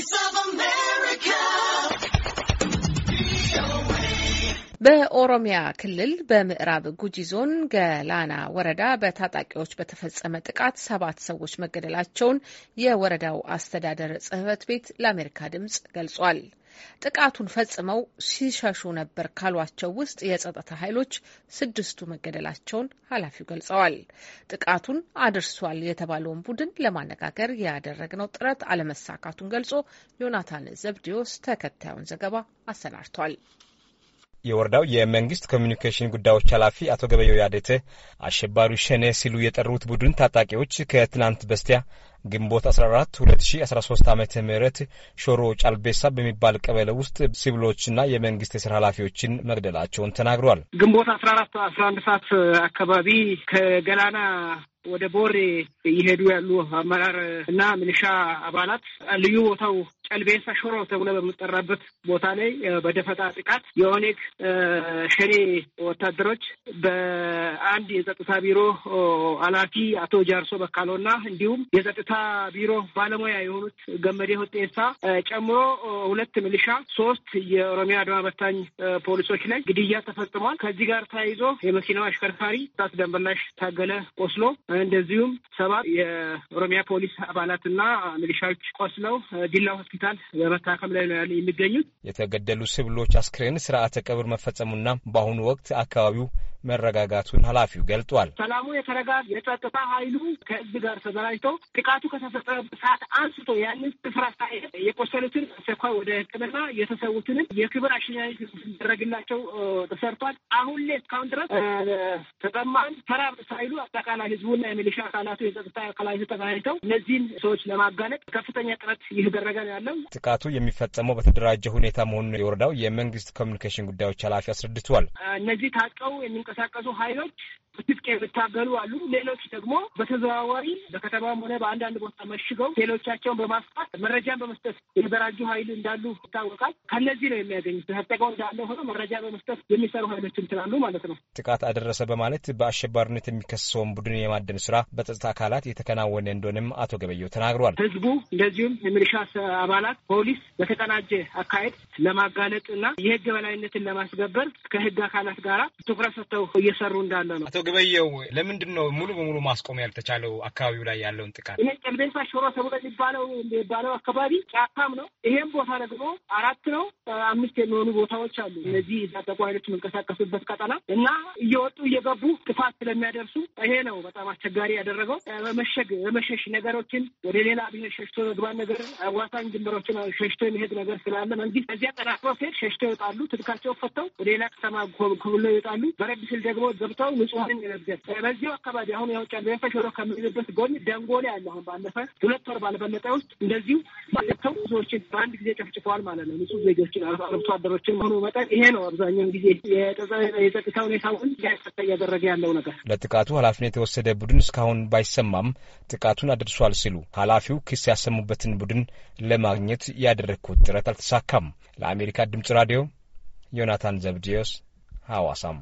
Voice of America. በኦሮሚያ ክልል በምዕራብ ጉጂ ዞን ገላና ወረዳ በታጣቂዎች በተፈጸመ ጥቃት ሰባት ሰዎች መገደላቸውን የወረዳው አስተዳደር ጽሕፈት ቤት ለአሜሪካ ድምጽ ገልጿል። ጥቃቱን ፈጽመው ሲሸሹ ነበር ካሏቸው ውስጥ የጸጥታ ኃይሎች ስድስቱ መገደላቸውን ኃላፊው ገልጸዋል። ጥቃቱን አድርሷል የተባለውን ቡድን ለማነጋገር ያደረግነው ጥረት አለመሳካቱን ገልጾ ዮናታን ዘብዲዮስ ተከታዩን ዘገባ አሰናድቷል። የወረዳው የመንግስት ኮሚኒኬሽን ጉዳዮች ኃላፊ አቶ ገበየው ያዴተ አሸባሪ ሸኔ ሲሉ የጠሩት ቡድን ታጣቂዎች ከትናንት በስቲያ ግንቦት 14 2013 ዓ ም ሾሮ ጫልቤሳ በሚባል ቀበሌ ውስጥ ሲቪሎችና የመንግስት የስራ ኃላፊዎችን መግደላቸውን ተናግሯል። ግንቦት 14 11 ሰዓት አካባቢ ከገላና ወደ ቦሬ እየሄዱ ያሉ አመራር እና ምንሻ አባላት ልዩ ቦታው ጨልቤሳ ሾሮ ተብሎ በሚጠራበት ቦታ ላይ በደፈጣ ጥቃት የኦኔግ ሸኔ ወታደሮች በአንድ የጸጥታ ቢሮ ኃላፊ አቶ ጃርሶ በካሎ እና እንዲሁም የጸጥታ የጸጥታ ቢሮ ባለሙያ የሆኑት ገመዴ ሁጤሳ ጨምሮ ሁለት ሚሊሻ፣ ሶስት የኦሮሚያ አድማ በታኝ ፖሊሶች ላይ ግድያ ተፈጽሟል። ከዚህ ጋር ተያይዞ የመኪናው አሽከርካሪ ጣት ደንበላሽ ታገለ ቆስሎ፣ እንደዚሁም ሰባት የኦሮሚያ ፖሊስ አባላትና ሚሊሻዎች ቆስለው ዲላ ሆስፒታል በመታከም ላይ ነው ያሉ የሚገኙት የተገደሉ ስብሎች አስክሬን ስርዓተ ቀብር መፈጸሙና በአሁኑ ወቅት አካባቢው መረጋጋቱን ኃላፊው ገልጧል። ሰላሙ የተረጋ የጸጥታ ኃይሉ ከህዝብ ጋር ተደራጅተው ጥቃቱ ከተፈጸመ ሰዓት አንስቶ ያንን ስፍራ ሳይሄድ የቆሰሉትን አስቸኳይ ወደ ሕክምና የተሰዉትንም የክብር አሸኛኘት ሲደረግላቸው ተሰርቷል። አሁን ላይ እስካሁን ድረስ ተጠማን ተራ ሳይሉ አጠቃላይ ህዝቡና የሚሊሻ አካላቱ የጸጥታ አካላቱ ተደራጅተው እነዚህን ሰዎች ለማጋለጥ ከፍተኛ ጥረት እየተደረገ ነው ያለው። ጥቃቱ የሚፈጸመው በተደራጀ ሁኔታ መሆኑን የወረዳው የመንግስት ኮሚኒኬሽን ጉዳዮች ኃላፊ አስረድቷል። እነዚህ ታቀው የሚንቀ የሚንቀሳቀሱ ሀይሎች በትጥቅ የሚታገሉ አሉ። ሌሎች ደግሞ በተዘዋዋሪ በከተማም ሆነ በአንዳንድ ቦታ መሽገው ሌሎቻቸውን በማስፋት መረጃን በመስጠት የተደራጁ ኃይል እንዳሉ ይታወቃል። ከነዚህ ነው የሚያገኙት። ተጠቀው እንዳለ ሆነ መረጃ በመስጠት የሚሰሩ ኃይሎች እንትናሉ ማለት ነው። ጥቃት አደረሰ በማለት በአሸባሪነት የሚከሰሰውን ቡድን የማደን ስራ በጸጥታ አካላት የተከናወነ እንደሆነም አቶ ገበየው ተናግሯል። ህዝቡ እንደዚሁም የሚሊሻ አባላት፣ ፖሊስ በተቀናጀ አካሄድ ለማጋለጥ እና የህግ በላይነትን ለማስገበር ከህግ አካላት ጋር ትኩረት ሰጥተው እየሰሩ እንዳለ ነው። ግበየው፣ ለምንድን ነው ሙሉ በሙሉ ማስቆም ያልተቻለው? አካባቢው ላይ ያለውን ጥቃት ይሄ ጨልቤሳ ሾሮ ሰቡለ የሚባለው የሚባለው አካባቢ ጫካም ነው። ይሄም ቦታ ደግሞ አራት ነው አምስት የሚሆኑ ቦታዎች አሉ። እነዚህ የታጠቁ ኃይሎች የሚንቀሳቀሱበት ቀጠና እና እየወጡ እየገቡ ጥፋት ስለሚያደርሱ ይሄ ነው በጣም አስቸጋሪ ያደረገው። በመሸግ በመሸሽ ነገሮችን ወደ ሌላ ብሄር ሸሽቶ መግባት ነገር አዋሳኝ ድንበሮችን ሸሽቶ የሚሄድ ነገር ስላለ መንግስት ከዚያ ጠናክሮ ሲሄድ ሸሽቶ ይወጣሉ። ትጥቃቸው ፈተው ወደ ሌላ ከተማ ኮብሎ ይወጣሉ። በረድ ስል ደግሞ ገብተው ንጹሀ ምንም የለብስ በዚሁ አካባቢ አሁን ያው ጨንፈ ሾሮ ከምንልበት ጎን ደንጎላ ያለ አሁን ባለፈ ሁለት ወር ባልበለጠ ውስጥ እንደዚሁ ባለተው ብዙዎችን በአንድ ጊዜ ጨፍጭፈዋል ማለት ነው። ንጹህ ዜጎችን አርብቶ አደሮችን መሆኑ መጠን ይሄ ነው አብዛኛውን ጊዜ የጸጥታ ሁኔታውን ያሰጠ እያደረገ ያለው ነገር። ለጥቃቱ ኃላፊነት የተወሰደ ቡድን እስካሁን ባይሰማም ጥቃቱን አድርሷል ሲሉ ኃላፊው ክስ ያሰሙበትን ቡድን ለማግኘት ያደረግኩት ጥረት አልተሳካም። ለአሜሪካ ድምጽ ራዲዮ ዮናታን ዘብድዮስ ሐዋሳም